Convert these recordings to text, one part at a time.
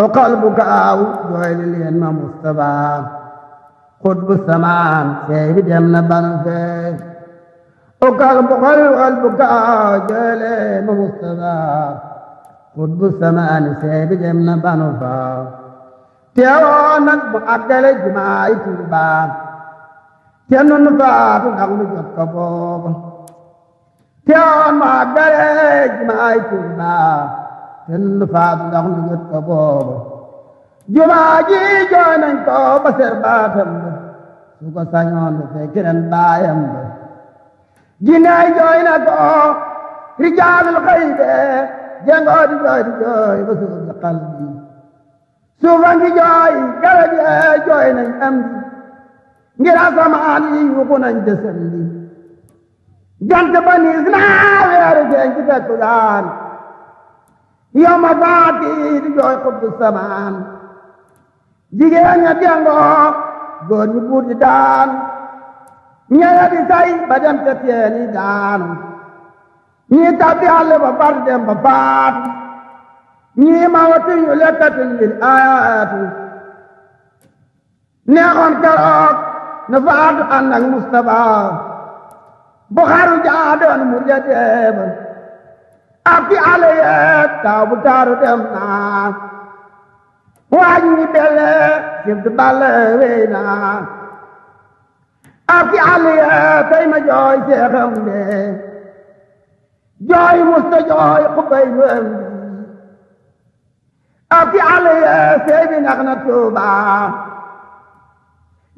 عقل بكاء جهيل اليم مصطفى قطب السماء سيف جمنا بنفي عقل بكاء بكاء جهيل اليم مصطفى قطب السماء سيف جمنا بنفي تيرانك بأقل جماعي تربا تنن فات نغل جكبوب تيران ما أقل جماعي تربا kenn faatu ndax lu jot ko booba ji jooy nañ ko ba su ko sañoon fekk ren baayam ba ginnaay jooy na ko rijaalul xaybe jengoo di jooy di jooy ba suuf bi xal bi suufa ngi jooy garab yee jooy nañ am bi ngir asamaan yi yuuxu nañ desem jeen ci fekku daan yow ma faati di jooy xutbu samaan jigéen ña jàngoo góor ñu buur di daan ñeya di say ba dem ca teen yi daanu ñii tabbi àll ba far dem ba faat ñii ma watuñu lekkatuñ lil ayaatu neexoon keroog na faatu ànd ak Mustafa bu xaru jaa doon mur ja deeba ab bi ale taw bu taaru dem naa waañ wi bele sib di bale wey naa ab tey ma jooy seexam de jooy musta jooy xubay wem ab bi ale yeeg sey bi nax na tuuba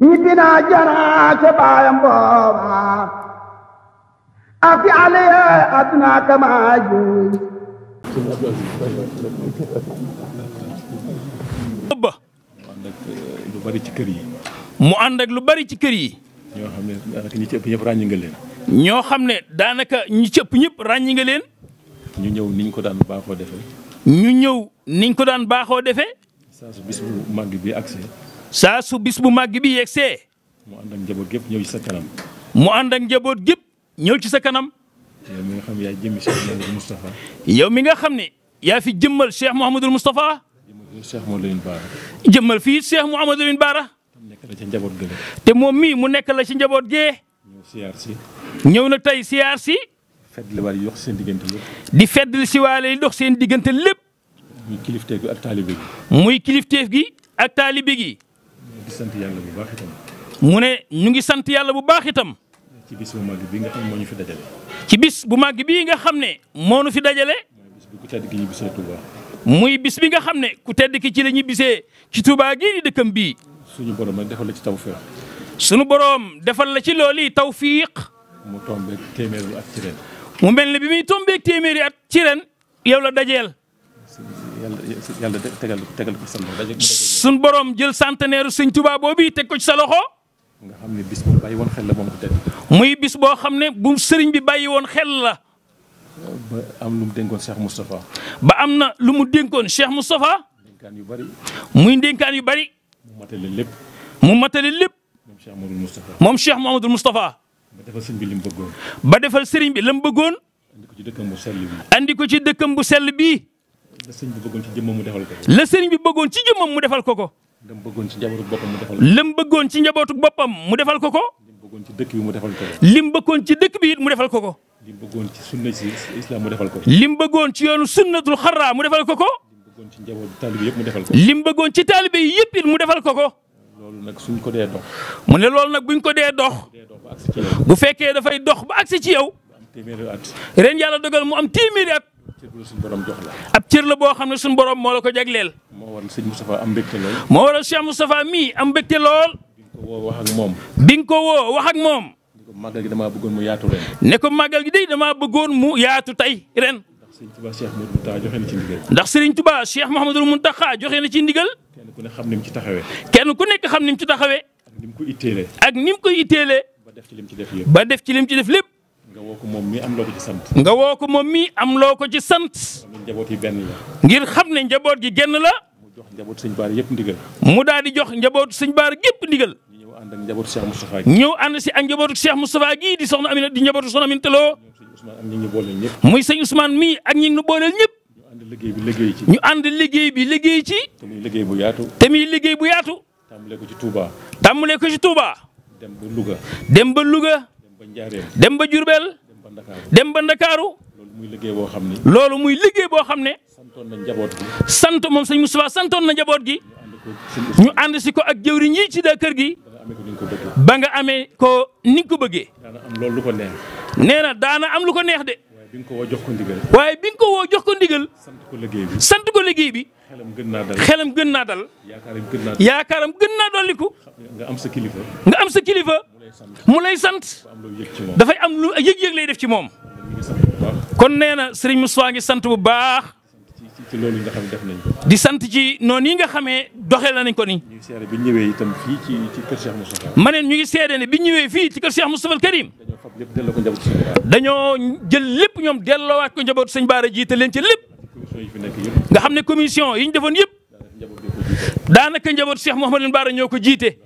ñibbi naa janaa ca baayam booba afi alaya adna kama juuy ba lu bari ci kër yi mu àndak lu bari ci kër yi ñoo xam ne daanaka ñi ci ñëpp ràññi nga leen ñoo xam ne daanaka ñi ci ñëpp ràññi nga leen ñu ñëw niñ ko daan baaxoo defee ñu ñëw niñ ko daan baaxoo defee saa su bis bu màgg bi agsee saa su bis bu màgg bi yegsee mu ànd ak njaboot gépp ñëw ci sa kanam mu ànd njaboot gépp ñëw ci sa kanam. yow mi nga xam ne yaa jëmmi yow mi nga xam ne yaa fi jëmmal Cheikh Mouhamadul Moustapha. jëmmal fii Cheikh Mouhamadul Lamine Bara. te moom mii mu nekk la ci njaboot gee. ñëw siyaar si. ñëw na tey si. di feddli si waale yi dox seen diggante lépp. muy kilifteef gi ak taalibe gi. muy kilifteef gi ak taalibe gi. mu ne ñu ngi sant yàlla bu baax sant yàlla bu baax itam. ci bis bu màgg bii nga xam ne moo ñu fi dajale. ci bis bu màgg bii nga xam ne moo fi dajale. mooy bis bi ku tedd muy bis bi nga xam ne ku tedd ki ci la ñibbisee ci Touba gii di dëkkam bii. suñu borom nag defal la ci tawfiq. suñu borom defal la ci loolu tawfiq. mu tombé téeméeri at ci ren. mu mel ne bi muy tombé téeméeri at ci ren yow la dajeel. yàlla tegal tegal ko sa loxo. suñu borom jël centenaire Sëñ Touba boobu teg ko ci sa loxo. nga xam ne bis bu bàyyi woon xel la moom ku tedd. muy bis boo xam ne bu sëriñ bi bàyyi woon xel la. am lu mu dénkoon Cheikh Moustapha. ba am na lu mu dénkoon Cheikh Moustapha. dénkaan yu bari. muy dénkaan yu bari. mu matale lépp. mu matale lépp. moom Cheikh Mouhamadul Moustapha. moom Cheikh Mouhamadul Moustapha. ba defal sëriñ bi li mu bëggoon. ba defal sëriñ bi la mu bëggoon. andi ko ci dëkkam bu sell bi. andi ko ci dëkkam bu sell bii. la sëriñ bi bëggoon ci jëmmam mu defal ko ko. la bi bëggoon ci jëmmam mu defal ko ko. lam bëggoon ci njabootu boppam mu defal ko bëggoon ci njabootu boppam mu defal ko ko. bëggoon ci dëkk bi mu defal ko ko. lim bëggoon ci dëkk bi it mu defal ko ko. lim bëggoon ci sunna si mu defal ko ko. lim bëggoon ci yoonu sunnatul xarra mu defal ko ko. lim bëggoon ci njabootu taalibe yëpp mu defal ko ko. lim bëggoon ci taalibe yëpp it mu defal ko ko. loolu nag suñ ko dee dox. mu ne loolu nag buñ ko dee dox. bu fekkee dafay dox ba agsi ci yow. ren yàlla dogal mu am téeméeri at. ab cër la boo xam ne suñ borom moo la ko jagleel. moo waral sëñ Moustapha am mbégte lool. moo mii am mbégte lool. woo wax ak moom. bi nga ko woo wax ak moom. ne ko màggal gi damaa bëggoon mu yaatu ren. ne ko màggal gi de damaa bëggoon mu yaatu tey ren. ndax Serigne Touba Cheikh Mouhamadou Mountakha joxe na ci ndigal. ndax Serigne Touba Cheikh Mouhamadou Mountakha joxe na ci ndigal. kenn ku ne xam ni mu ci taxawee. kenn ku nekk xam ni mu ci taxawee. ak ni mu ko itteelee. ak ni mu ko itteelee. ba def ci lim ci def lépp. ba def ci lim ci def lépp. nga woo ko moom mii am loo ko ci sant. nga woo ko moom mii am loo ko ci sant. njaboot yi benn la. ngir xam ne njaboot gi genn la. mu jox njaboot sëñ baar yëpp ndigal. mu daal di jox njaboot sëñ baar yëpp ndigal. ñëw ànd si ak njabootu Cheikh Moustapha gii di soxna Amina di njabootu soxna Aminta Lo muy sëñ Ousmane mii ak ñi ñu booleel ñëpp. ñu ànd liggéey bi liggéey ci. te muy liggéey bu yaatu. te muy liggéey bu yaatu. tàmbalee ko ci Touba. tàmbalee ko ci Touba. dem ba luga dem ba Louga. dem ba Njaareem. dem ba Diourbel. dem ba Ndakaaru. dem ba Ndakaaru. loolu muy liggéey boo xam ne. loolu muy liggéey boo xam ne. santoon na njaboot gi. sant moom sëñ Moustapha santoon na njaboot gi. ñu ànd si ko ak jëwriñ yi ci daa kër gi. ba nga amee ko ni ko bëggee. daana am loolu lu ko neex. nee na daana am lu ko neex de. waaye bi nga ko woo jox ko ndigal. waaye bi ko woo jox ko ndigal. sant ko liggéey bi sant ko liggéey bi. xelam gën naa dal xelam gën naa dal. yaakaaram gën naa yaakaaram gën naa dolliku. nga am sa kilifa. nga am sa kilifa. mu lay sant dafay am lu yëg-yëg lay def ci moom. kon nee na Serigne Moussa ngi sant bu baax. di sant ci noonu yi nga xamee doxee la nañ ko nii. ñu ngi seede bi ñu ñëwee itam fii ci ci kër Cheikh Moustapha. ne bi ñu fii ci kër Cheikh Moustapha Karim. dañoo ko njabootu sëñ Baara. dañoo jël lépp ñoom delloowaat ko njabootu sëñ Baara jiite leen ci lépp. nga xam ne commission yi ñu defoon yëpp. daanaka njabootu Cheikh Mouhamadou Baara ñoo ko jiite.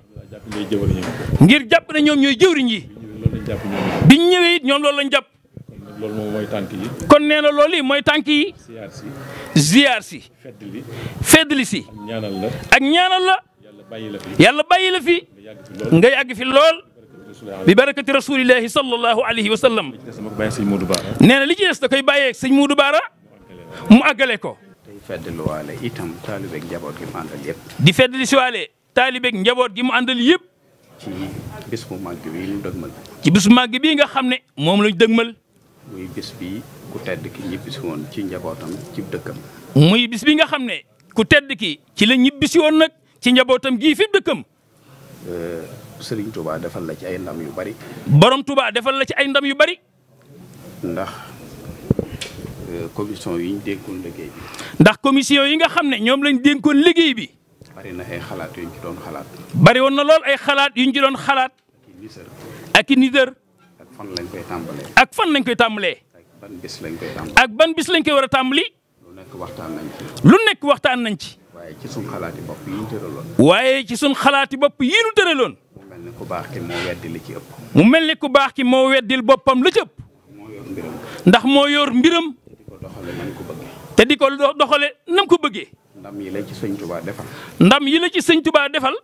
ngir jàpp ne ñoom ñooy jëwriñ yi. bi ñu ñëwee it ñoom loolu lañ jàpp loolu moom mooy tànk yi. kon nee na loolu yi mooy tànk yi. ziar si. ziar si. feddli. si. ak ñaanal la. ak ñaanal la. yàlla bàyyi la fi. yàlla bàyyi la fi. nga yàgg fi lool. bi barakati rasulillahi sallallahu alayhi wa sallam. nee na li ci des da koy bàyyee ak sëñ Moudou Baara. mu àggale ko. di feddliwaale itam taalibeeg njaboot gi mu àndal yëpp. di feddli si waale taalibeeg njaboot gi mu àndal yëpp. ci bis bu màgg bii ñu dëgmal. ci bis bu màgg nga xam ne moom lañ dëgmal. muy bis bi ku tedd ki ñibbisi woon ci njabootam cib dëkkam. muy bis bi nga xam ne ku tedd ki ci la ñibbisi woon nag ci njabootam gi fi dëkkam. Euh, Serigne Touba defal la ci ay ndam yu bari. borom tubaa defal la ci ay ndam yu bari. ndax euh, commission yi ñu ndax commission yi nga xam ne ñoom lañ dénkoon liggéey bi. bari na ay xalaat yuñ ñu ci doon xalaat. bari woon na lool ay xalaat yu ñu ci doon xalaat. ak i nisër. fan lañ koy tàmbalee. ak fan lañ koy tàmbalee. ak ban bis lañ koy tàmbalee. ak lañ koy war a tàmbali. lu nekk waxtaan nañ ci. lu nekk waxtaan nañ ci. waaye ci sunu xalaati bopp yi ñu waaye ci sunu xalaati bopp yi ñu tëraloon. mu mel ne ku baax ki moo weddi li ci ëpp. mu mel ne ku baax ki moo weddil boppam lu ci ëpp. ndax moo yor mbiram. te di ko doxale nam ko bëggee. ndam yi la ci sëñ Touba defal. ndam yi la ci sëñ Touba defal.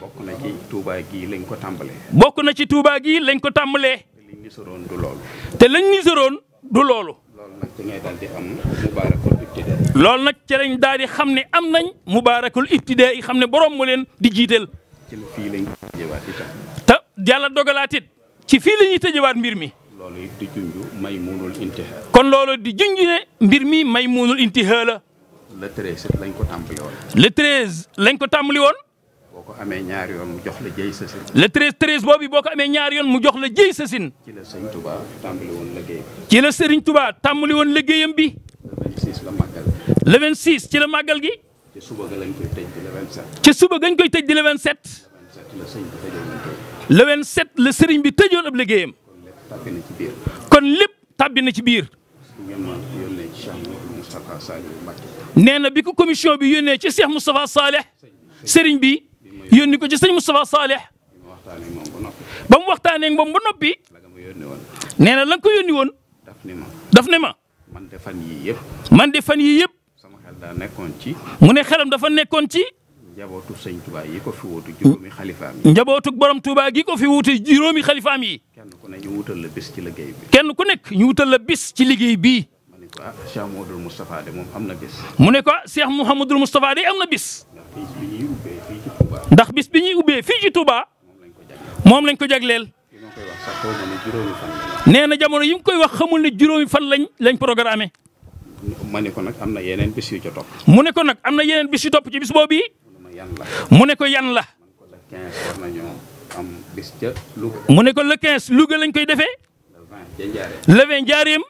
bokk na ci Touba gii lañ ko tàmbale bokk na ci Touba lañ ko tàmbalee. liñ nisaroon du loolu. te lañ nisaroon du loolu. loolu nag ci ngay daal am mubaarakul ibtidaa. loolu nag ci lañ daal di xam ne am nañ mubaarakul ibtidaa yi xam ne boroom mu leen di jiiteel. ci fii lañ tëjewaat itam. te yàlla dogalaat ci fii la ñuy tëjewaat mbir mi. loolu di junj may muunul intihaa. kon loolu di junj mbir mi may muunul intihaa la. lañ ko tàmbali woon. le lañ ko tàmbali woon. boo ko amee ñaari yoon mu jox la jëy sa sin le boobu boo ko amee ñaari yoon mu jox la jëy sa sin ci la sëriñ Touba tàmbali woon liggéeyam la sëriñ Touba tàmbali woon bi le 26 la le 26 ci la gi ci suba ga lañ suba gañ koy tëj le 27 le 27 la sëriñ bi tëjoon ab liggéeyam kon lépp tàbbi na ci biir nee na bi ko commission bi yónnee ci Cheikh Moustapha Saleh sëriñ bi yónni ko ci sëñ Moustapha Saleh ba mu waxtaanee moom ba noppi nee na la ko yónni woon daf ne ma man de fan yii yëpp man de fan yii yëpp sama xel daa nekkoon ci mu ne xelam dafa nekkoon ci njabootu sëñ Touba yi ko fi wuutu juróomi xalifaam yi njabootu borom Touba gi ko fi wuutu juróomi xalifaam yi kenn ku ne ñu wutal la bis ci liggéey bi kenn ku nekk ñu wutal la bis ci liggéey bii ah Cheikh moom am na bis. mu ne ko Cheikh Mouhamadoul Moustapha de am na bis. ndax bis ndax bis bi ñuy ubbee fii ci Touba moom lañ ko jagleel. nee na jamono yi koy wax xamul ne juróomi fan lañ lañ programmé. ma ne nag am na yeneen bis yu ca mu ne ko nag am na yeneen bis yu topp ci bis boobu yi. mu ne yan la. mu ne ko le 15 Louga lañ koy defee. le 20 Njaaréem.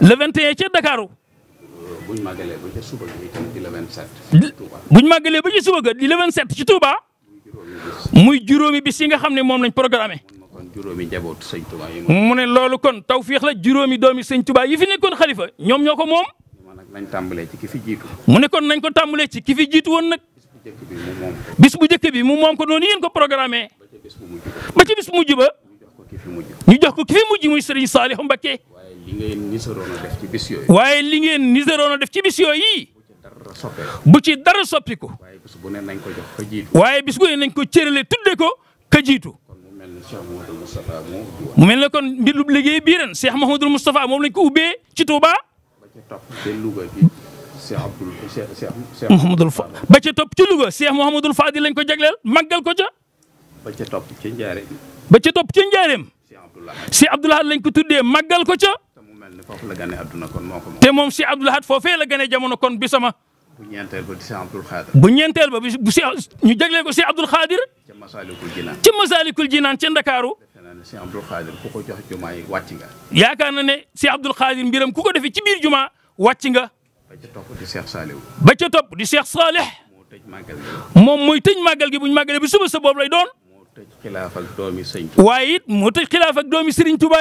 le 21 ca Ndakaaru. Euh, buñ màggalee ba ca suba gi itam di le ba ca suba ga di le 27 ci Touba. muy juróomi bis yi nga xam ne moom lañ programmé. mu ne loolu kon tawfiix la juróomi doomi sañ Touba yi fi nekkoon xalifa ñoom ñoo ko moom. nañ tàmbalee ci ki fi jiitu. mu ne kon nañ ko tàmbalee ci ki fi jiitu woon nag. bis bu jëkk bi mu moom ko noonu yéen ko programmé. ba ci bis bu mujj ba. ñu jox ko ki fi mujj muy Serigne Saliou Mbacké li ngeen nisaroon a def waaye li ngeen nisaroon a def ci bis yooyu. bu ci dara soppiku. waaye bis ne nañ ko jox waaye bis bu ne nañ ko cërale tudde ko ka jiitu. mu mel ne kon mbirum liggéey bii ren Cheikh Mouhamadou Moustapha moom lañ ko ubbee ci Touba. ba ca topp ci Louga bi Cheikh Abdoul Cheikh Mouhamadou ba ca topp ci Louga Cheikh Mouhamadou Fadil lañ ko jagleel màggal ko ca. ba ca topp ci Njaareem. ba ca topp ci Njaareem. Cheikh Abdoul Ahad lañ ko tuddee màggal ko ca. te moom Cheikh Abdoul Ahad foofee la gane jamono kon bi sama. bu ñeenteel ba di Cheikh Abdoul Khadir. bu ñeenteel ba bu Cheikh ñu Khadir. ca Masalikul Jinaan ca Ndakaaru. ku ko jox jumaa yi wàcc nga. yaakaar na ne Cheikh Abdoul Khadir mbiram ba ca di Cheikh Saliou. ba ca topp di moom mooy tëj màggal gi bu ñu màggalee bi suba sa boobu lay doon. waaye it moo tëj xilaaf ak doomi Serigne Touba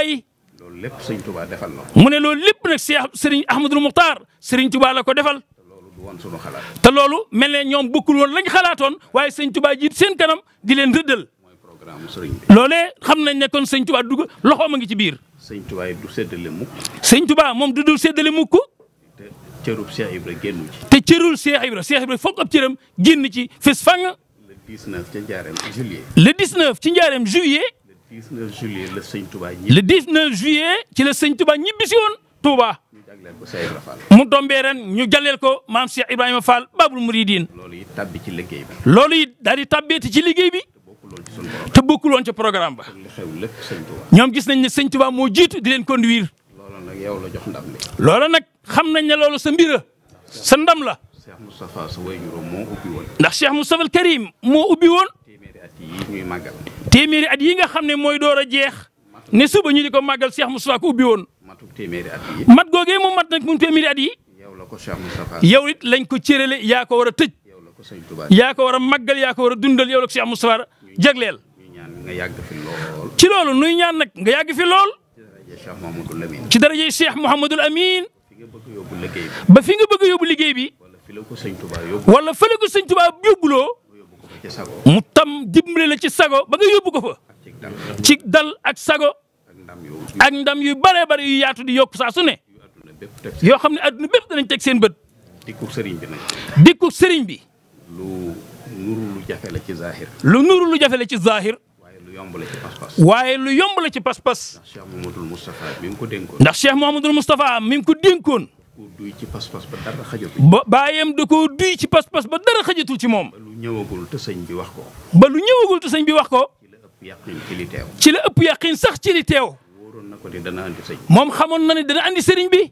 loolu lépp sëñ Touba defal na ko. mu ne loolu lépp nag Cheikh Serigne Ahmadul Muxtaar Serigne Touba la ko defal. te loolu mel ne ñoom bokkul woon lañ xalaatoon waaye sëñ Touba jiit seen kanam di leen rëddal. loolee xam nañ ne kon sëñ Touba dugg loxoom a ngi ci biir. sëñ Touba du séddale mukk. sëñ Touba moom du dul séddale mukk. te cërub Cheikh Ibra génn ci. te cërul Cheikh Ibra Cheikh Ibra foog ab cëram génn ci fes fang. le 19 ci njaareem juillet. 19 juillet la sëñ Touba le 19 juillet ci la sëñ Touba ñibbi woon Touba. mu tombee ren ñu jàllale ko maam Cheikh Ibrahima Fall Babul Mouridine. loolu it tàbbi ci liggéey bi. loolu it daal di tàbbeeti ci liggéey bi. te bokkul woon ca programme ba. ñoom gis nañ ne sëñ Touba moo jiitu di leen conduire. loolu nag yow la jox ndam li. xam nañ ne loolu sa mbira sa ndam la. Cheikh Moustapha sa wayjuram moo ubbi woon. ndax Cheikh Moustapha al Karim moo ubbi woon. téeméeri at yi nga xam ne mooy door a jeex ne suba ñu di ko màggal Cheikh Moustapha ko ubbi woon mat googee mu mat nag mu téeméeri at yi yow it lañ ko cërale yaa ko war a tëj yaa ko war a màggal yaa ko war a dundal yow la ko Cheikh Moustapha jagleel ci loolu nuy ñaan nag nga yàgg fi lool ci darajey Cheikh Mouhamadul Amin ba fi nga bëgg a liggéey bi wala fële ko sëñ tubaa Tuubaa yóbbuloo mu tam dimbale la ci sago ba nga yóbbu ko fa ci dal ak sago ak ndam yu bare bare yu yaatu di yokk saa su ne yoo xam ne adduna bépp danañ teg seen bët dikku sëriñ bi nag sëriñ bi lu nuru lu jafe la ci zahir lu nuru lu jafe la ci zahir waaye lu yomb la ci pas-pas. ndax Cheikh Mouhamadoul Moustapha mi ngi ko dénkoon. ndax Cheikh Mouhamadoul Moustapha mi ngi ko dénkoon. ba baayam da koo duy ci pas-pas ba dara xajatul ci moom. ba lu ñëwagul te sëñ bi wax ko. ba lu ñëwagul te sëñ bi wax ko. ci la ëpp yàqin ci li teew. ci la sax ci li teew. wóoroon na ko ni dana andi sëñ. moom xamoon na ne dana andi sëriñ bi.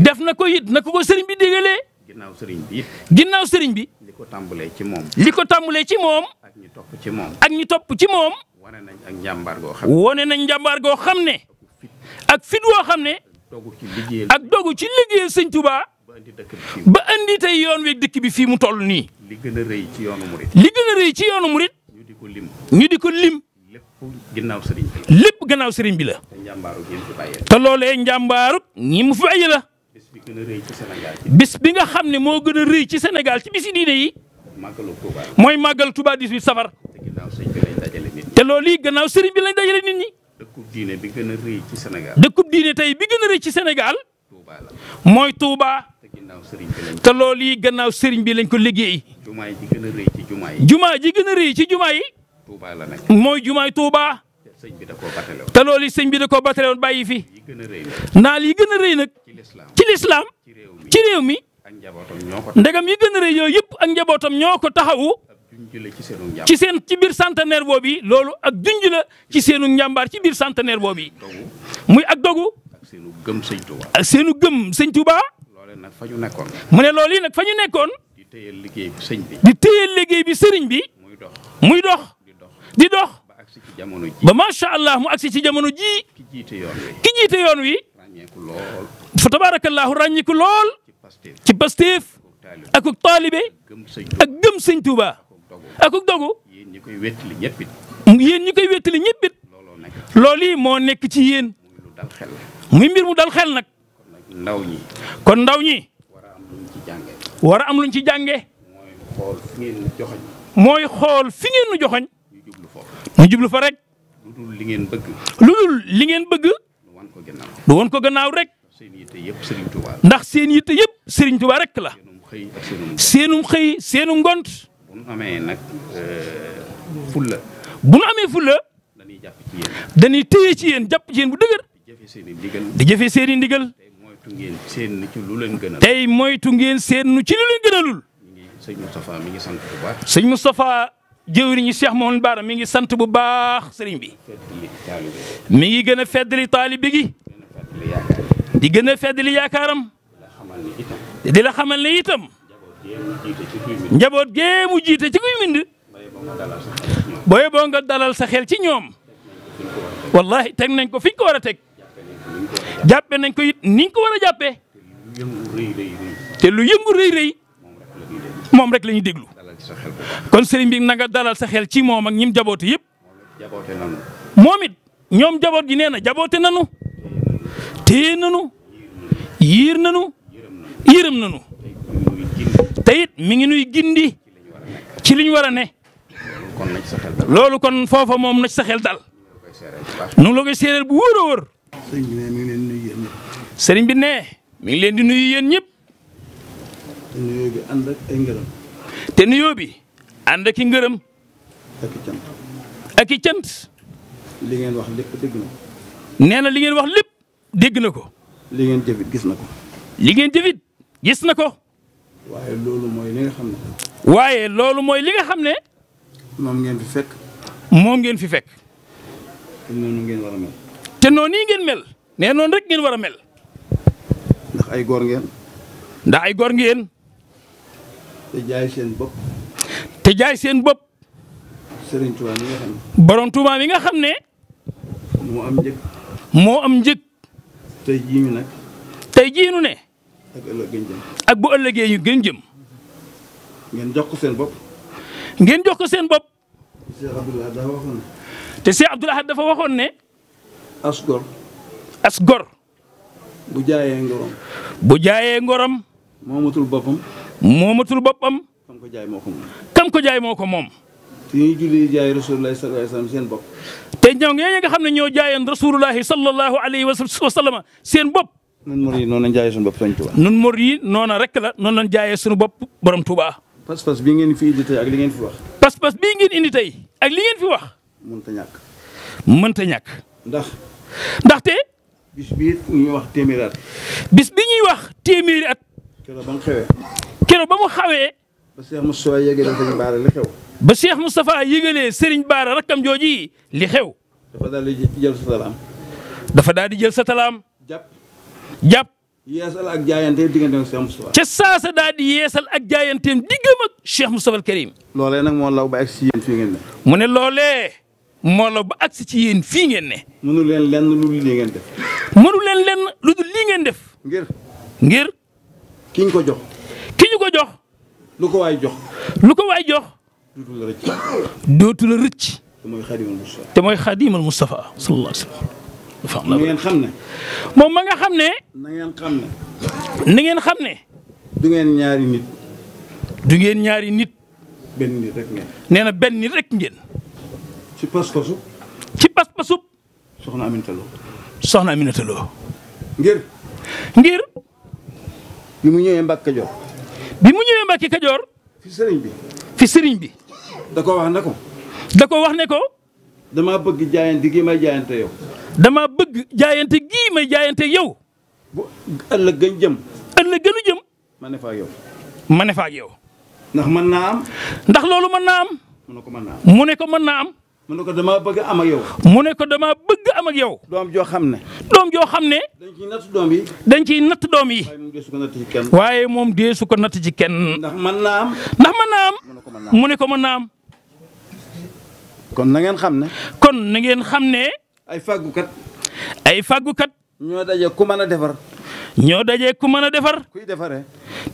def na ko it na ko ko sëriñ bi digalee. ginnaaw sëriñ bi ginnaaw sëriñ bi. li ko tàmbalee ci moom. li ko tàmbalee ci moom. ak ñu topp ci moom. ak ñu topp ci moom. wane nañ ak njàmbaar goo xam ne. nañ njàmbaar goo ak fit woo xam ne. ak dogu ci liggéeyal sëñ Touba ba andi tey yoon wi dëkk bi fii mu toll nii. li gën a rëy ci yoonu murit. li gën a rëy ci yoonu murit. ñu di ko lim. ñu di ko lim. lépp gannaaw sëriñ bi la. lépp gannaaw sëriñ bi la. te njàmbaaru gi mu fi loolee njàmbaaru ñi mu fi bàyyi la. bis bi gën a rëy ci Sénégal. bi nga xam ni moo gën a rëy ci Sénégal ci bisi diine yi. mooy màggal tubaa safar. te loolu yi gannaaw sëriñ bi lañ dajale nit ñi. dëkkub diine bi gën a ci Sénégal. dëkkub diine tey bi gën a rëy ci Sénégal. mooy Touba. te loolu yi gannaaw sëriñ bi lañ ko liggéey. jumaa ji gën a rëy ci jumaa yi. jumaa ji gën a rëy ci jumaa yi. Touba la nekk mooy jumaay Touba. te loolu sëñ bi da ko batale woon bàyyi fi. naal yi gën a rëy nag. ci lislaam ci réew mi. ndegam yi gën a rëy yooyu yëpp ak njabootam ñoo ko taxawu. ci seen ci biir centenaire boobu yi loolu ak junj la ci seenu njàmbaar ci biir centenaire boobu yi. muy ak dogu. ak seenu gëm sëñ Touba. ak seenu gëm sëñ Touba. loolee nag fa ñu nekkoon. mu ne loolu yi nag fa nekkoon. di téyeel liggéey bi sëñ bi. di téyeel liggéey bi sëriñ bi. muy dox muy dox. di dox. ba agsi ci jamono ji. ba macha allah mu agsi ci jamono ji. ki jiite yoon wi. ki jiite yoon wi. ràññeeku lool. fa tabaarakallaahu lool. ci Pastef. ci Pastef. taalibe ak gëm sëñ Touba. akuk dogu. yéen ñi koy wétali ñëpp it. yéen ñi koy wétali ñëpp it. loolu yi moo nekk ci yéen. muy mbir mu dal xel nag. ndaw ñi. kon ndaw ñi. war am luñ ci jàngee. war a ci jàngee. mooy xool fi ngeen ñu joxoñ. mooy jublu fa. jublu fa rek. lu dul li ngeen bëgg. lu dul li ngeen bëgg. du wan ko gannaaw. du ko gannaaw rek. seen yitte yëpp ndax seen yitte yëpp Serigne Touba rek la. seenum xëy seenum ngont. bu nu amee nag euh, fulla. bu amee fulla. dañuy jàpp dañuy téye ci yéen jàpp ci yéen bu dëgër. di jëfee seen ndigal. di jëfee seen i moytu ngeen seen ci lu leen gënal. tey moytu ngeen seen ci lu leen sëñ mi ngi sant bu baax. sëñ Moustapha jëwriñu Cheikh Mawone Baara mi ngi sant bu baax sëriñ bi. gën a feddali taalibe gi. di gën a feddali yaakaaram. di la xamal ne itam. njaboot gee jiite ci kuy mbind boo nga dalal sa xel ci ñoom wallahi teg nañ ko fi ñu ko war a teg jàppe nañ ko it niñ ko war a jàppee te lu yëngu rëy rëy moom rek la ñuy déglu kon sëriñ bi na nga dalal sa xel ci moom ak ñim jaboote yëpp moomit ñoom jaboot gi nee na jaboote nanu téye nanu yiir nanu yërëm nanu te it mi ngi nuy gindi ci liñ war a ne loolu kon foofa moom na sa xel dal nu la koy séeréer bu wóor a wóor sëriñ bi ne mi ngi leen di nuyu yéen ñëpp te nuyoo bi ànd ak i ngërëm ak i cant li ngeen wax lépp dégg na ko nee na li ngeen wax lépp dégg na ko li gis na ko li ngeen jëfit gis na ko waaye loolu mooy li nga xam ne. waaye loolu mooy li nga xam ne. moom ngeen fi fekk. moom ngeen fi fekk. te noonu ngeen war mel. te noonu yi ngeen mel. nee noonu rek ngeen war a mel. ndax ay góor ngeen. ndax ay góor ngeen. te jaay seen bopp. te jaay seen bopp. Serigne Touba mi nga xam ne. nga xam ne. moo am njëg. moo am njëg. tey jii ñu tey jii ne. ak ëllëg ak bu ëllëgee ñu gën jëm. ngeen jox ko seen bopp. ngeen jox ko seen bopp. te Cheikh Abdoul Ahad dafa waxoon ne. as gor. as gor. bu jaayee ngorom. bu jaayee ngorom. moomatul boppam. moomatul boppam. kam ko jaay moo ko moom. kam ko jaay moo ko moom. te ñuy julli jaay rasulullahi sallallahu alayhi wa sallam seen bopp. te ñoo ngi nga xam ne ñoo jaayoon rasulullahi seen bopp. nun mor yi noonu lañ jaayee suñu bopp sëñ Touba. nun mor yi noonu rek la noonu lañ jaayee suñu bopp borom Touba. pas-pas bii ngeen fi indi tey ak li ngeen fi wax. pas-pas bii ngeen indi tey ak li ngeen fi wax. mënta ñàkk. mënta ñàkk. ndax. ndaxte. bis bii ñuy wax téeméeri at. bis bi ñuy wax téeméeri at. keroog ba mu xewee. keroog ba mu xawee. ba Cheikh Moustapha yëgalee Serigne Baara li xew. ba Cheikh Moustapha yëgalee Serigne Baara rakkam jooji li xew. dafa daal jël sa jàpp. yeesal ak jaayanteem digganteem ak Cheikh Moustapha. ca saasa daal di yeesal ak jaayanteem diggam ak Cheikh Moustapha al Karim. nag moo law ba agsi ci yéen mu ne loolee moo ba agsi ci yéen fii ngeen ne. mënu leen lenn lu dul lii ngeen def. mënu leen lenn lu dul lii ngeen def. ngir. ngir. ki ko jox. ki ko jox. lu ko waay jox. lu ko waay jox. dootu la rëcc. dootu te mooy xadimal Moustapha. te mooy xadimal Moustapha sallallahu alayhi na ngeen xam ne. moom ma nga xam ne. nangeen ngeen xam ne. ngeen xam ne. du ngeen ñaari nit. du ngeen ñaari nit. benn nit rek ngeen. nee na benn nit rek ngeen. ci pas-pasu. ci pas-pasu. soxna Aminata soxna Aminata ngir. ngir. bi mu ñëwee Mbàkke Kajoor. bi mu ñëwee Mbàkke Kajoor. fi sëriñ bi. fi sëriñ bi. da ko wax ne ko. da ko wax ne ko. dama bëgg jaayante gi may jaayante yow. dama bëgg jaayante gii may jaayante yow. bu ëllëg gën jëm. ëllëg gënu jëm. ma ne fa yow. ma ne fa yow. ndax mën naa am. ndax loolu man naa am. mu ne ko man naa am mu ne ko mën naa am. mu ne ko damaa bëgg am ak yow. mu ne damaa bëgg am ak yow. doom joo xam ne. doom joo xam ne. dañ ciy natt doom yi. dañ ciy natt doom yi. waaye moom deesu ko natt ci kenn. ndax mën naa am. ndax mën na am. mu ne ko mën naa am. kon na ngeen xam ne. kon na ngeen xam ne. ay fàggukat. ay fàggukat. ñoo daje ku mën a defar. ñoo daje ku mën a defar. kuy defaree.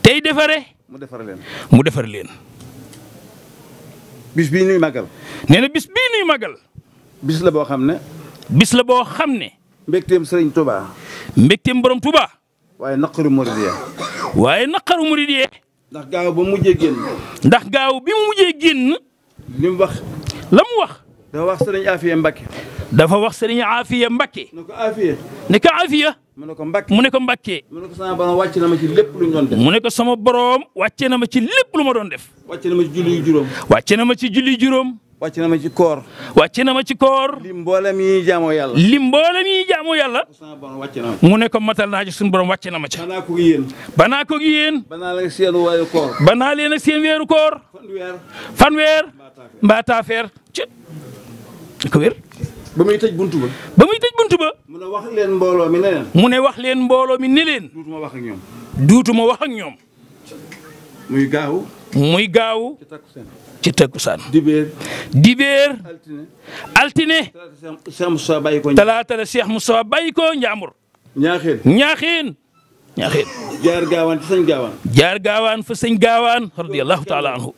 tey defaree. mu defar leen. mu defar leen. bis bi nuy magal nee bis bii nuy màggal. bis la boo xam ne. bis la boo xam ne. mbégteem sëriñ Touba. mbégteem borom Touba. waaye naqaru Muridiya. waaye naqaru Muridiya. ndax gaaw ba mujjee génn. ndax gaaw bi mu mujjee génn. li mu wax. la mu wax. dafa wax sëriñ Afiya Mbacke. dafa wax sëriñ Afiya Mbakke. ne ko Afiya. ko Afiya. mu ne ko Mbakke mu ne ko Mbakke. mu ne ko sama borom wàcce na ma ci lépp lu mu ne ko sama borom wàcce na ma ci lépp lu ma doon def. wàcce na ma ci juróom. wàcce na ma ci julli juróom. wàcc na ma ci koor. wàcc na ma ci koor. li mboolem yi jaamoo yàlla. li mboolem yi yàlla. mu ne ko matal naa ci suñu borom wàcc na ma ca. banaa ko yéen. banaa ko yéen. banaa leen ak seen weeru koor. banaa leen ak seen weeru koor. fanweer. fanweer. mbaa taafeer ci ko wér. ba muy tej buntu ba. ba muy tëj buntu ba. mu wax leen mbooloo mi ne leen. mu ne wax leen mbooloo mi ne leen. duutuma wax ak ñoom. duutuma wax ak ñoom. muy gaaw. muy gaaw. ci takkusaan. ci takkusaan. dibeer. dibeer. altine. altine. talaata Cheikh Moustapha bàyyi ko. talaata la Cheikh Moustapha jaar gaawaan fa sëñ gaawaan. jaar gaawaan fa taala anhu.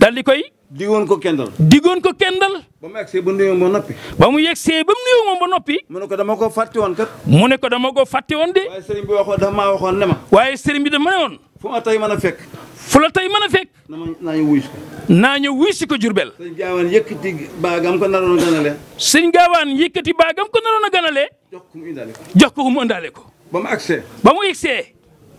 daal koy. digoon ko kendal. digoon ko kendal. ba mu yegsee ba nuyoo ba noppi. ba mu yegsee ba mu nuyoo ba noppi. mu ne ko dama ko fàtte woon kat. mu ne ko dama ko fàtte woon de. waaye sëriñ bi waxoon ne ma. waaye sëriñ bi dama ne woon. fu ma a fekk. fu la tey mën a fekk. na ma naa ñu wuyu naa ñu wuyu si ko Jurbel. sëñ Gaawaan yëkkati baagam ko naroon a sëñ Gaawaan yëkkati baagam ko naroon a ganale. jox ko mu indaale ko. jox ko mu indaale ko. ba mu yegsee. ba mu yegsee.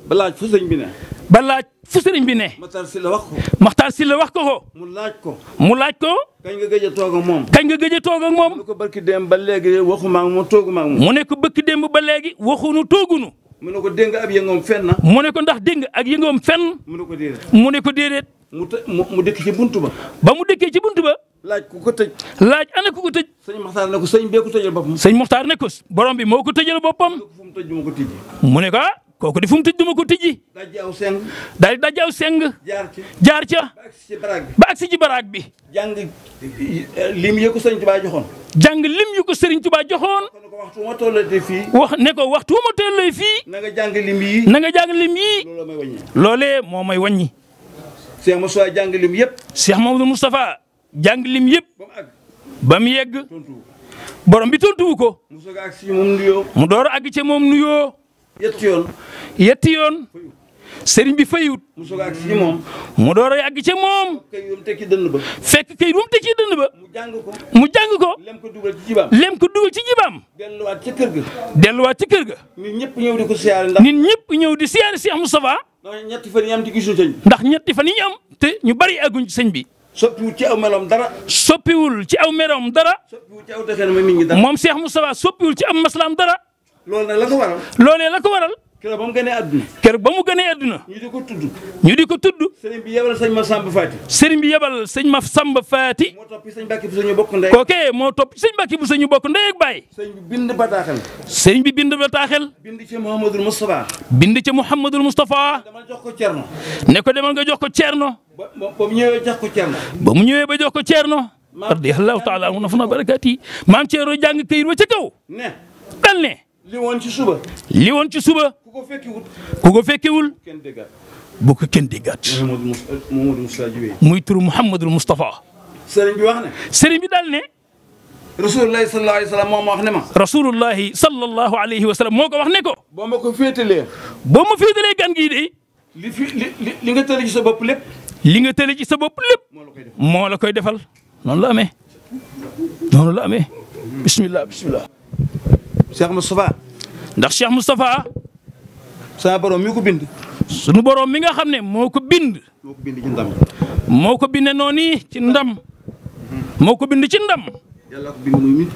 ba laaj fu sëñ bi ne. ba laaj fu sëriñ bi ne. Maxtaar si la wax ko. Maxtaar si la wax ko ko. mu laaj ko. mu laaj ko. kañ nga gëj a toog moom. kañ nga gëj a toog ak moom. mu ne ko barki démb ba léegi waxu ak moom tooguma ak mu ne bëkk barki démb ba léegi waxunu toogunu. mu ne ko dégg ab yëngoom fenn. mu ne ko ndax dégg ak yëngoom fenn. mu ne ko déedéet. mu ne ko déedéet. mu të mu dëkk ci bunt ba. ba mu dëkkee ci buntu ba. laaj ku ko tëj. laaj ana ku ko tëj. sëñ Maxtaar ne ko sëñ bee ko tëjal boppam. sëñ Maxtaar ne ko borom bi moo ko tëjal boppam. mu ne ko ah kooku de fu duma ko tijji. daj aw seng. daal di daj aw seng. jaar ca jaar ca. ba agsi ci baraag bi ba agsi ci baraag bi. jàng lim yi ko Serigne Touba joxoon. jàng lim yu ko Serigne Touba joxoon. kon waxtu ma tollatee fii. wax ne fii. na nga jàng lim yii. na nga may wàññi. loolee moo may wàññi. Cheikh Moussa jàng lim yëpp. Cheikh Mamadou Moustapha jàng lim yëpp. ba mu yegg. borom bi tontuwu ko. mu door a àgg moom nuyoo. yetti yoon yetti yoon sëriñ bi faywut mu soog a moom. mu door a ca moom. fekk kayit tekki dënd ba. fekk kayit wu mu tekki dënd ba. mu jàng ko. mu jàng ko. lem ko dugal ci jibaam. lem ko dugal ci jibaam. delluwaat ci kër ga. delluwaat ci kër ga. nit ñëpp ñëw di ko siyaare ndax. nit ñëpp ñëw di siyaare si am Moustapha. ndax ñetti fan yi am te ndax ñetti yi ñu am te ñu bari aguñ ci sëñ bi. soppiwul ci aw dara. soppiwul ci aw meloom dara. soppiwul ci aw doxalinam mi ngi dara. moom Cheikh Moustapha soppiwul ci am maslaam dara loolu na la ko waral. loolee la ko waral. keroog ba mu gënee àdduna. kere ba mu gënee àdduna. ñu di ko tudd. ñu di ko tudd. sëriñ bi yebal sëñ Massamba Faati. sëriñ bi yebal sëñ Massamba Faati. moo topp sëñ Mbàkke bu sañu bokk ndey. kookee moo topp sëñ Mbàkke bu sañu bokk ndey ak baay. sëñ bi bind bataaxel. sëñ bi bind bataaxel. bind ca Mouhamadul Moustapha. bind ca Mouhamadul Moustapha. demal jox ko Cerno. ne ko demal nga jox ko Cerno. ba ba mu ñëwee jox ko Cerno. ba mu ñëwee ba jox ko Cerno. radiyallaahu taala anhu wa barakaati maam Cerno jàng këyit wa ca kaw. ne dal ne li woon ci suba. li woon ci suba. ku ko fekkiwul. ku ko fekkiwul. bu ko kenn déggaat. muy turu Mouhamadul Moustapha. sëriñ bi wax ne. sëriñ bi daal ne. rasulullahi sallallahu alayhi wa sallam moo ma wax ne ma. rasulullahi sallallahu alayhi wa sallam moo ko wax ne ko. boo ma ko féetalee. boo ma féetalee gan gii de. li fi li li nga tële ci sa bopp lépp. li nga tële ci sa bopp lépp. moo la koy defal noonu la amee noonu la amee. bismillah bismillah. Cheikh Moustapha. ndax Cheikh Moustapha. sa borom mi ko bind. sunu borom mi nga xam ne moo ko bind. moo ko bind ci ndam. ndam. moo ko bind ci ndam. yàlla ko bind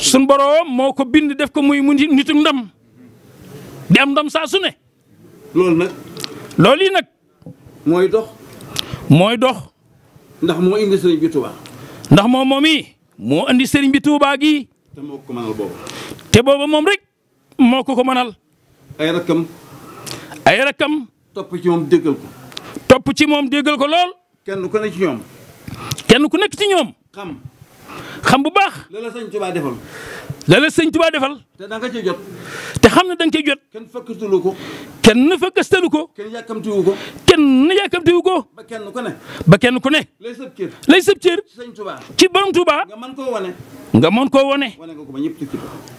sunu borom moo ko bind def ko muy mu nitu ndam. di am ndam saa su ne. loolu nag. loolu nag. mooy dox. mooy dox. ndax moo indi sëriñ bi Touba. ndax moo moom yi moo indi sëriñ bi Touba gi. moo ko te booba moom rek moo ko ko mënal. ay rakkam. ay rakkam. topp ci moom déggal ko. topp ci moom déggal ko lool. kenn ku ne ci ñoom. kenn ku nekk ci ñoom. xam. xam bu baax. la la sëñ Tuubaa defal. la la sëñ Tuubaa defal. te da nga cee jot. te xam ne da nga cee jot. kenn fëkkastalu ko. kenn fëkkastalu ko. kenn yàkkamtiwu ko. kenn wu ko. ba kenn ku ne. ba kenn ku ne. lay sëb cër. lay sëb ci sëñ Tuubaa. ci borom Tuubaa. nga mën koo wane. nga mën koo wone.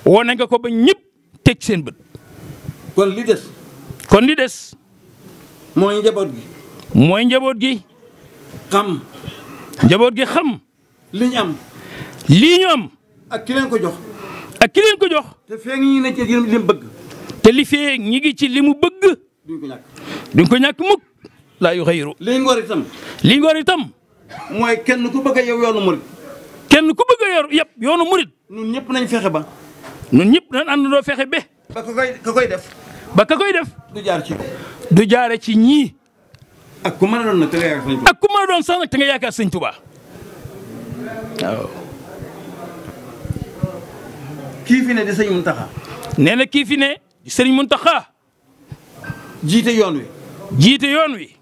wane nga ko ba ñëpp teg seen bët. wane nga ko ba ñëpp teg seen bët. kon li des. kon li des. mooy njaboot gi. mooy njaboot gi. xam. njaboot gi xam. li am. lii am. ak ki ko jox. ak ki ko jox. te fee ngi ne ci li mu bëgg. te li fee ñi gi ci limu bëgg. duñ ko ñàkk. duñ ko ñàkk mukk laa yu xayru. li ngor itam. li ngor itam. mooy kenn ku bëgg yow yoonu murid. kenn ku bëgg a yor yëpp yoonu murit ñun ñëpp nañ fexe ba. ñun ñëpp nañ àndandoo fexe ba. ba ka koy ka koy def. ba ka koy def. jaar ci du jaare ci ñii. ak ku mën a doon nag te nga ak ku mën a doon sax nag te nga yaakaar Tuba waaw. kii fi ne di sëñ Muntaxa. nee na kii fi ne di sëñ Muntaxa. jiite yoon wi. jiite yoon wi.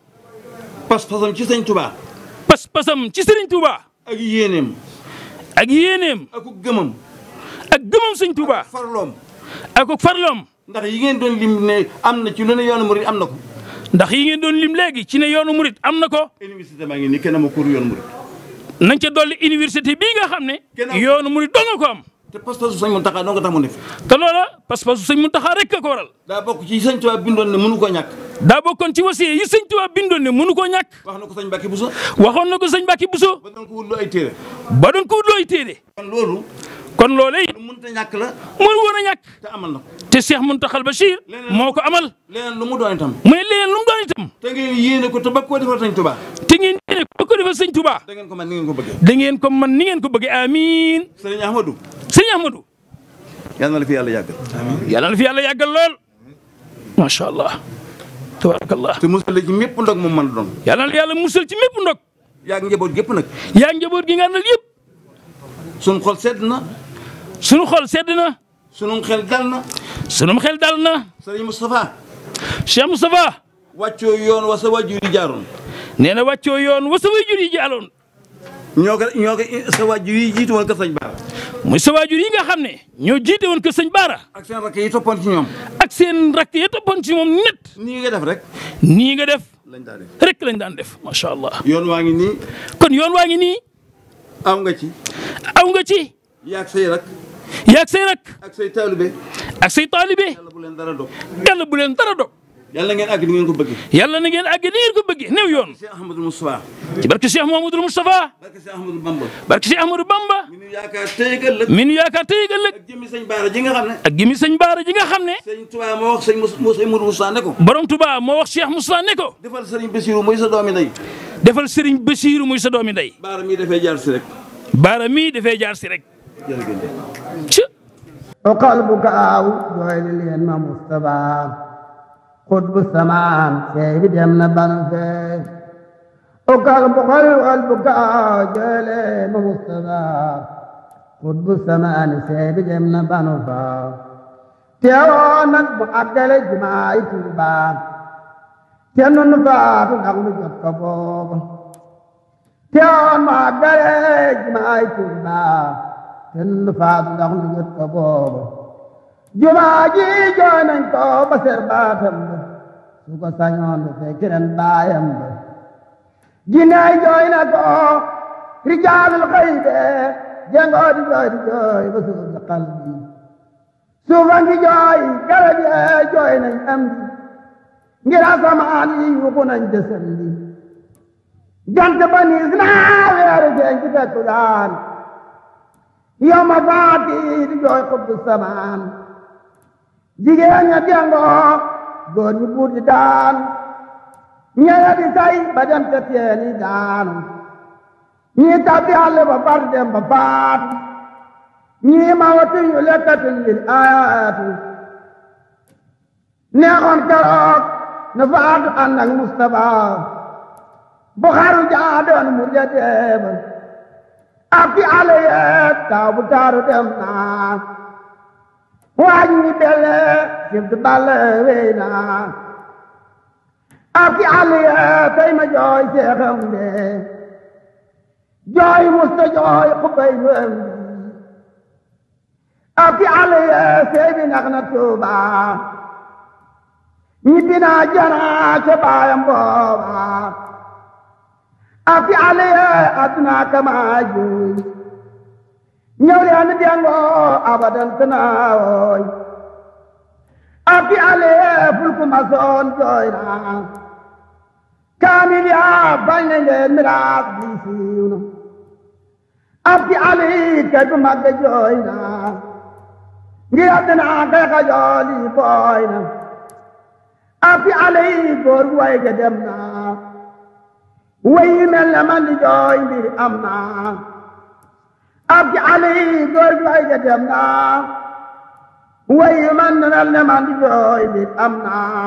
pas-pasam ci sëñ Tuba. pas-pasam ci sëñ Tuba. ak yéeneem. ak yéeneem. ak gëmam. ak gëmam sëñ Touba. ak farloom. ak farloom. ndax yi ngeen doon lim ne am na ci lu ne yoonu murit am na ko. ndax yi ngeen doon lim léegi ci ne yoonu murit am na ko. université maa ngi ni kenn ma kuur yoon murit. nañ ca dolli université bii nga xam ne. yoonu murit dong ko te pas-pas su sëñ Muntaxa doo nga tax mu ne rek a ko waral daa bokk ci sëñ Tuubaa bindoon ne mënu koo ñàkk daa bokkoon ci wasiye yi sëñ Tuubaa bindoon ne mënu koo ñàkk wax na ko sëñ Mbàkke Buso waxoon na ko sëñ Mbàkke Buso ba doon ko wut loo ay ba doon ko wut loo ay kon loolu kon loolee lu mënta ñàkk la mën woon a ñàkk te amal na ko te Cheikh Muntaxal Bachir moo ko amal leneen lu mu doon itam ne leneen lu mu doon itam te ngeen yéene ko te ba koo defal sëñ te ngeen ko ba ngeen ko man ni ngeen ko bëggee da amiin sëñ Amadou. yal na la fi yàlla yàggal. amiin yal na la fi yàlla yàggal lool. macha allah. tabarakallah te musal la ci mépp ndog mu mën a doon. yal na la yàlla musal ci mépp ndog. yaa ngi njaboot gépp nag. yaa ngi njaboot gi nga àndal yëpp. sunu xol sedd na. sunu xol sedd na. sunu xel dal na. sunu xel dal na. sëriñ Moustapha. Cheikh Moustapha. wàccoo yoon wa sa waajur yi jaaroon. nee na wàccoo yoon wa sa waajur yi jaaroon. ñoo ko ñoo ko sa waajur yi jiitu woon kër sëñ Baara. muy sa yi nga xam ne ñoo jiite woon kër sëñ Baara. ak seen rakk yi toppoon ci ñoom. ak seen rakk yi toppoon ci moom nit. nii nga def rek. nii nga def. lañ daan def rek lañ daan def macha allah. yoon waa ngi nii. kon yoon waa ngi nii. aw nga ci. aw nga ci. yaag say rak. yaag say ak say taalibe. ak say taalibe. yàlla bu leen dara dog. yàlla bu leen dara yàlla ngeen àgg ni ngeen ko bëgg yàlla na ngeen àgg ni ngeen ko bëgg néew yoon Cheikh Ahmadou Moustapha ci barke Cheikh Mouhamadoul Moustapha barke Cheikh Ahmadou Bamba barke Cheikh Ahmadou Bamba mi nu xam ne ak jëmmi sëñ Baara ji nga xam ne sëñ Touba moo wax sëñ Mouhamadou Moustapha ne ko borom Touba moo wax Cheikh defal sëriñ Bassirou muy sa doomi ndey defal sëriñ Bassirou dafay jaar si rek Baara mii dafay jaar si rek jërëjëf ci qalbu kaaw doy leen ma Moustapha xutbu samaan seey bi dem na banu fee ukal bu xari wal bu kaaw jële ma mustafa xutbu samaan seey bi dem na banu faaw teewoo nag bu àggale jumaa yi Tuuba te nun faatu ndax lu jot ko boobu teewoon mu àggale jumaa yi Tuuba te nun faatu ndax lu jot ko boobu jumaa ji jooy nañ ko ba ser baatam su sañoon du fekk ren baayam ba ginnaay jooy na ko rijaalul xaybe jengoo di jooy di jooy ba suuf bi suufa ngi jooy garab yee jooy nañ am bi ngir asamaan yi yuuxu nañ desem bi jant ba niis naa weeru feeñ ci fekkulaan yow ma faati di jooy xubbu samaan jigéen góor ñi di daanu ñeñe di tay ba dem ca teen yi daanu ñii tabbi àll ba far dem ba faatu ñii ma wati yu lekkati lil ayaatu neexoon keroog na faatu ànd ak Mustafa bu xaru jaadoon mu ja deema ab ci àll yeeg taw bu taaru dem naa waaj ñi belee jënd balla wey naa ak ci tey ma jooy seexam de jooy musta jooy xubay wëm ak ci àll sey bi nax na tuuba ñibbi naa janaa ca baayam booba ak ci àll ya aduna kamaa juuy ñëw leen di dengoo abadan tanaa ati alee ful ku ma kaamil yaa bañ nañ leen miraas bi siiw na ati alee kay ku mag de jooy naa ngir ka jooli booy na ati alee góor gu way ke dem mel na man jooy mbir am naa ati alee góor gu way ke way man nanal ne man jooy bi am naa